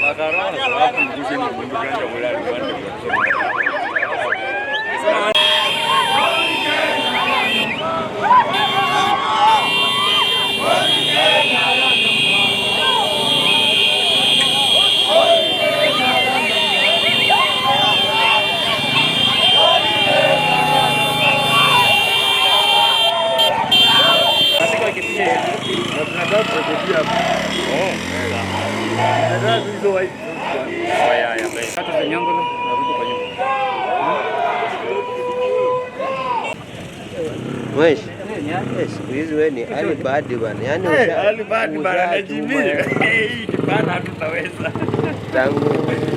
Macarón, Yani yaani, siku hizi wewe ni Ali yaani Badi bana. Yani eh, Ali yaani Badi bana anajibia. Hii bana hatutaweza. Tangu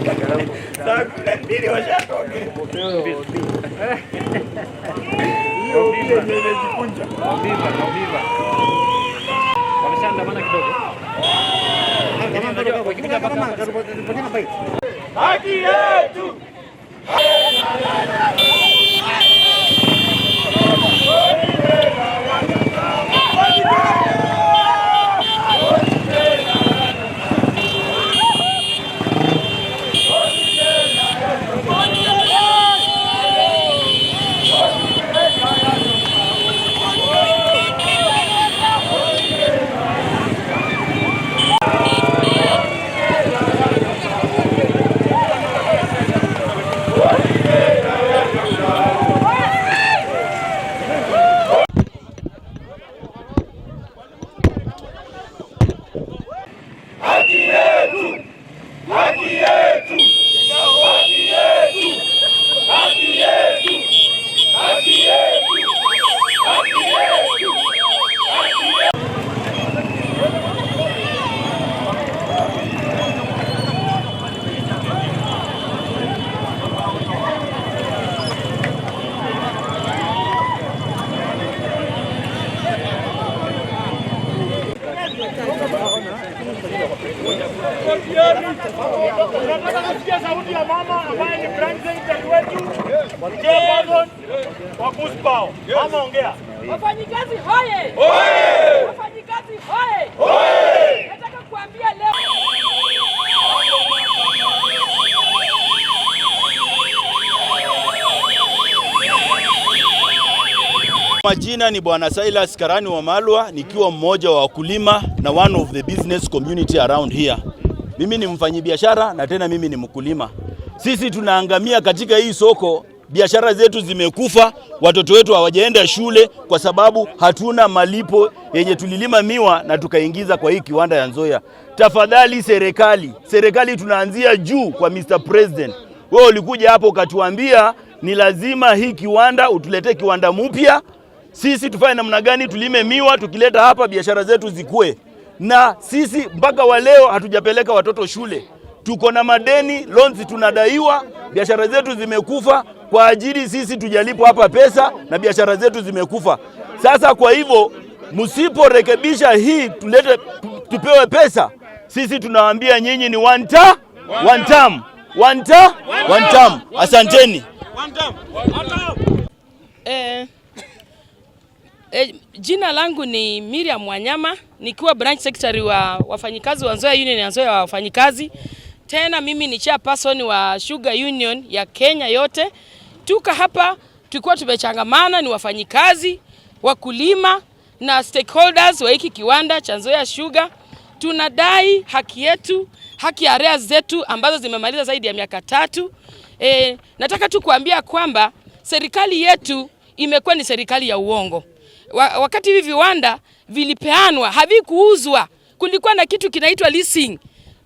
tangu tangu washatoka. Hiyo mbili imejikunja. Mbiva, mbiva. Wameshaandamana kidogo. Haki yetu. Nataka kusikia sauti ya mama ambaye ni presidenti wetu wa KUSPAW. Mama, ongea. Wafanyikazi hoye! Wafanyikazi hoye! Majina ni Bwana Silas Karani wa Malwa, nikiwa mmoja wa wakulima na one of the business community around here. Mimi ni mfanyibiashara na tena mimi ni mkulima. Sisi tunaangamia katika hii soko, biashara zetu zimekufa, watoto wetu hawajaenda shule kwa sababu hatuna malipo yenye tulilima miwa na tukaingiza kwa hii kiwanda ya Nzoia. Tafadhali serikali, serikali tunaanzia juu kwa Mr. President. Wewe ulikuja hapo ukatuambia ni lazima hii kiwanda utuletee kiwanda mpya sisi tufanye namna gani? Tulime miwa, tukileta hapa biashara zetu zikue. Na sisi mpaka wa leo hatujapeleka watoto shule, tuko na madeni, loans tunadaiwa, biashara zetu zimekufa kwa ajili sisi tujalipo hapa pesa na biashara zetu zimekufa. Sasa kwa hivyo, msiporekebisha hii, tulete tupewe pesa, sisi tunawaambia nyinyi ni one term, one term, one one Asanteni. One One Eh. E, jina langu ni Miriam Wanyama nikiwa branch secretary wa wafanyikazi wa Nzoia Union ya Nzoia wa wafanyikazi. Tena mimi ni chairperson wa Sugar Union ya Kenya yote. Tuka hapa tulikuwa tumechangamana, ni wafanyikazi, wakulima na stakeholders wa hiki kiwanda cha Nzoia Sugar. Tunadai haki yetu, haki ya arrears zetu ambazo zimemaliza zaidi ya miaka tatu. E, nataka tu kuambia kwamba serikali yetu imekuwa ni serikali ya uongo wakati hivi viwanda vilipeanwa havikuuzwa, kulikuwa na kitu kinaitwa leasing.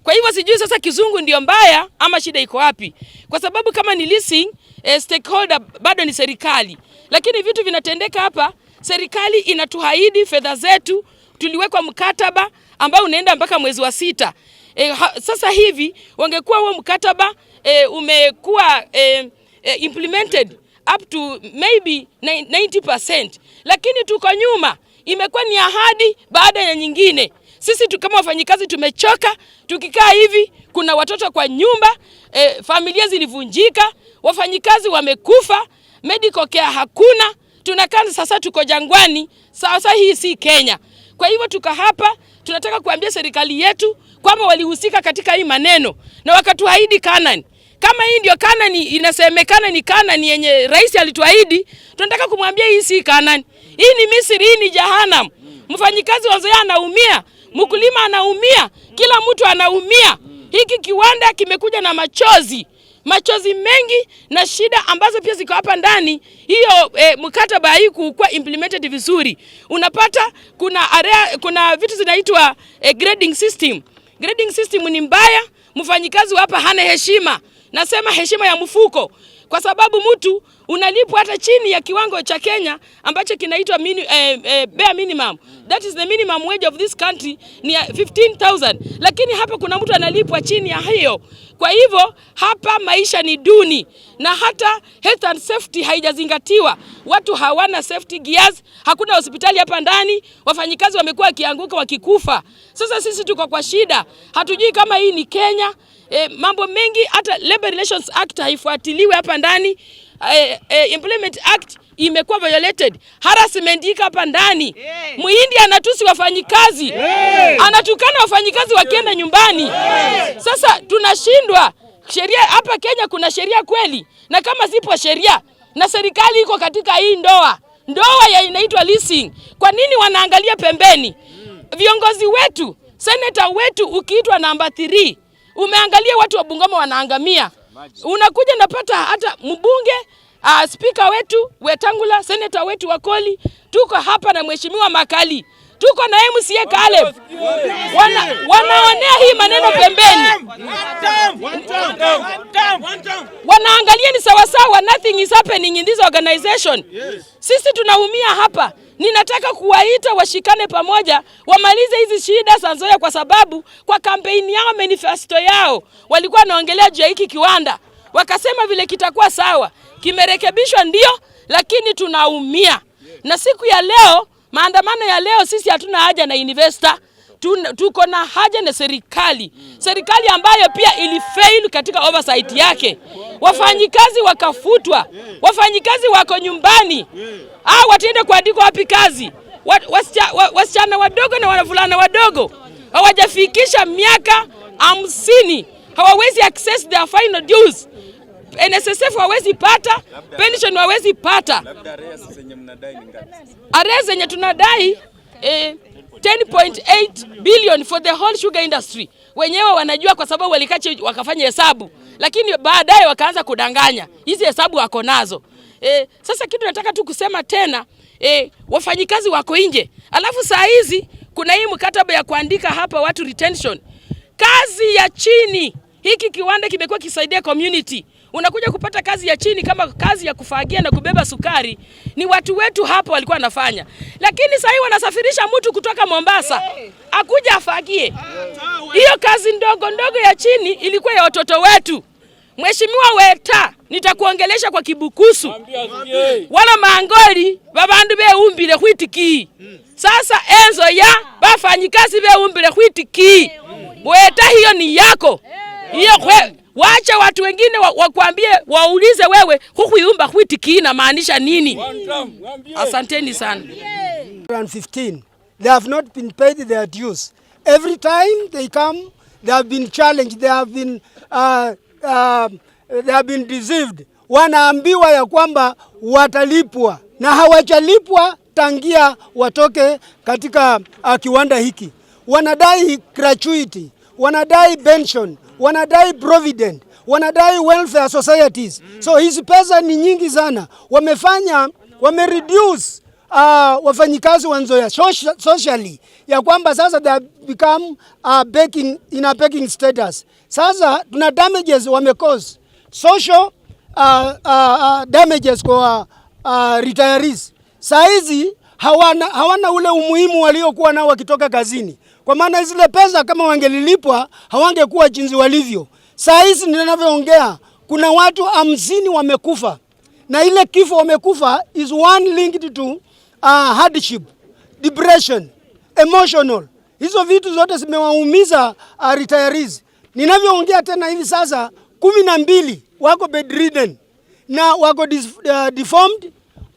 Kwa hivyo sijui sasa kizungu ndio mbaya ama shida iko wapi, kwa sababu kama ni leasing eh, stakeholder bado ni serikali, lakini vitu vinatendeka hapa. Serikali inatuhaidi fedha zetu, tuliwekwa mkataba ambao unaenda mpaka mwezi wa sita. E, ha, sasa hivi wangekuwa huo mkataba e, umekuwa e, e, implemented up to maybe 90%, lakini tuko nyuma. Imekuwa ni ahadi baada ya nyingine. Sisi kama wafanyikazi tumechoka. Tukikaa hivi, kuna watoto kwa nyumba e, familia zilivunjika, wafanyikazi wamekufa, medical care hakuna. Tunakaa sasa, tuko jangwani. Sasa hii si Kenya. Kwa hivyo tuko hapa, tunataka kuambia serikali yetu kwamba walihusika katika hii maneno na wakatuahidi Kanani kama hii ndio Kanani inasemekana ni Kanani yenye rais alituahidi, tunataka kumwambia hii si Kanani, hii ni Misri, hii ni jahanamu. Mfanyikazi wa Zoya anaumia, mkulima anaumia, kila mtu anaumia. Hiki kiwanda kimekuja na machozi machozi mengi na shida ambazo pia ziko hapa ndani. Hiyo e, mkataba hii kukuwa implemented vizuri, unapata kuna area, kuna vitu zinaitwa e, grading system. Grading system ni mbaya, mfanyikazi hapa hana heshima. Nasema heshima ya mfuko kwa sababu mtu unalipwa hata chini ya kiwango cha Kenya ambacho kinaitwa mini, eh, eh, bare minimum. That is the minimum wage of this country ni 15000 lakini hapa kuna mtu analipwa chini ya hiyo. Kwa hivyo hapa maisha ni duni na hata health and safety haijazingatiwa. Watu hawana safety gears, hakuna hospitali hapa ndani, wafanyikazi wamekuwa wakianguka wakikufa. Sasa sisi tuko kwa shida, hatujui kama hii ni Kenya E, mambo mengi hata Labor Relations Act haifuatiliwi hapa ndani. E, e, Employment Act imekuwa violated, harassment iko hapa ndani. Muhindi anatusi wafanyikazi, anatukana wafanyikazi wakienda nyumbani. Sasa tunashindwa sheria hapa Kenya. Kuna sheria kweli? Na kama zipo sheria na serikali iko katika hii ndoa ndoa ya inaitwa leasing, kwa nini wanaangalia pembeni? Hmm. Viongozi wetu, seneta wetu ukiitwa namba 3 Umeangalia watu wa Bungoma wanaangamia, unakuja napata hata mbunge uh, ah, spika wetu Wetangula, seneta wetu Wakoli, tuko hapa na mheshimiwa Makali, tuko na MCA Kaleb, wanaonea hii maneno pembeni, wanaangalia ni sawasawa, nothing is happening in this organization. Sisi tunaumia hapa. Ninataka kuwaita washikane pamoja, wamalize hizi shida za Nzoia, kwa sababu kwa kampeni yao, manifesto yao walikuwa wanaongelea juu ya hiki kiwanda, wakasema vile kitakuwa sawa, kimerekebishwa ndio, lakini tunaumia. Na siku ya leo, maandamano ya leo, sisi hatuna haja na investor tuko na haja na serikali, serikali ambayo pia ilifail katika oversight yake. Wafanyikazi wakafutwa, wafanyikazi wako nyumbani, ah, watende kuandikwa wapi kazi? Wasichana wadogo na wanavulana wadogo hawajafikisha miaka hamsini hawawezi access their final dues. NSSF wawezi pata pension, wawezi pata are zenye tunadai eh, 10.8 billion for the whole sugar industry. Wenyewe wanajua kwa sababu walikache wakafanya hesabu, lakini baadaye wakaanza kudanganya. Hizi hesabu wako nazo e. Sasa kitu nataka tu kusema tena e, wafanyikazi wako nje, alafu saa hizi kuna hii mkataba ya kuandika hapa watu retention, kazi ya chini. Hiki kiwanda kimekuwa kisaidia community unakuja kupata kazi ya chini kama kazi ya kufagia na kubeba sukari, ni watu wetu hapo walikuwa wanafanya, lakini sasa hivi wanasafirisha mtu kutoka Mombasa akuja afagie. Hiyo kazi ndogo ndogo ya chini ilikuwa ya watoto wetu. Mheshimiwa Weta, nitakuongelesha kwa Kibukusu wala maangoli babandu beumbile hwitikii sasa enzo ya bafanyikazi beumbile hwitikii Weta, hiyo ni yako hiyo kwe Wacha watu wengine wakuambie, wa waulize wewe, hukuiumba huitikii na maanisha nini? Asanteni sana. 15 they have not been paid their dues every time they come they have been challenged they have been uh, uh, they have been deceived. Wanaambiwa ya kwamba watalipwa na hawajalipwa tangia watoke katika uh, kiwanda hiki. Wanadai gratuity, wanadai pension wanadai provident, wanadai welfare societies. So hizi pesa ni nyingi sana, wamefanya wamereduce Uh, wafanyikazi wa Nzoia socially ya kwamba sasa they become uh, baking, in a baking status. Sasa tuna damages wame cause social uh, uh, uh damages kwa uh, retirees. Saa hizi hawana, hawana ule umuhimu waliokuwa nao wakitoka kazini. Kwa maana zile pesa kama wangelilipwa hawangekuwa jinsi walivyo. Saa hizi ninavyoongea kuna watu hamsini wamekufa na ile kifo wamekufa is one linked to uh, hardship, depression, emotional. Hizo vitu zote zimewaumiza uh, retirees. Ninavyoongea tena hivi sasa kumi na mbili wako bedridden na wako uh, deformed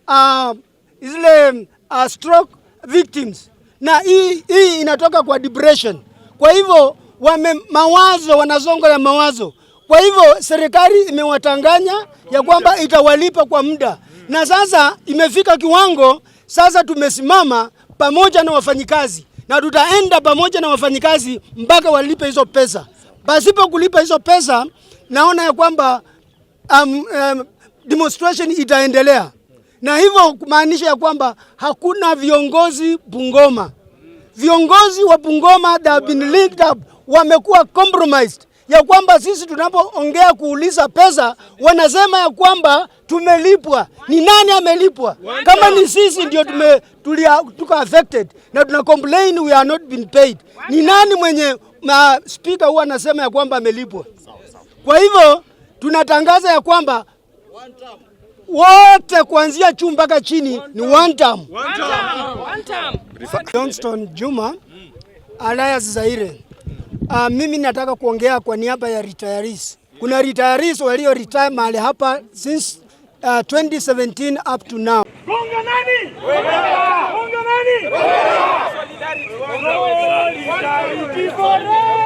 uh, zile uh, stroke victims na hii, hii inatoka kwa depression. Kwa hivyo wame mawazo wanazongo ya mawazo. Kwa hivyo serikali imewatanganya ya kwamba itawalipa kwa muda, na sasa imefika kiwango sasa tumesimama pamoja na wafanyikazi na tutaenda pamoja na wafanyikazi mpaka walipe hizo pesa. Pasipo kulipa hizo pesa, naona ya kwamba um, um, demonstration itaendelea na hivyo kumaanisha ya kwamba hakuna viongozi Bungoma. Viongozi wa Bungoma that have been linked up, wamekuwa compromised ya kwamba sisi tunapoongea kuuliza pesa wanasema ya kwamba tumelipwa. Ni nani amelipwa? Kama ni sisi ndio tume tulia, tuko affected na tuna complain we are not been paid. Ni nani mwenye ma speaker huwa anasema ya kwamba amelipwa? Kwa hivyo tunatangaza ya kwamba wote kuanzia juu mpaka chini ni one Johnston Juma Alliance Zaire. Uh, mimi nataka kuongea kwa niaba ya retirees. Kuna retirees walio retire mahali hapa since uh, ah, 2017 up to now. nani? nani? Solidarity.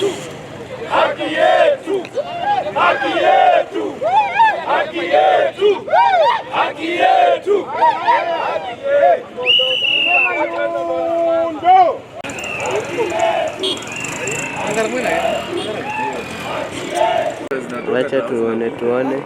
yetu, haki yetu, haki yetu, haki yetu, haki yetu. Wacha tuone tuone.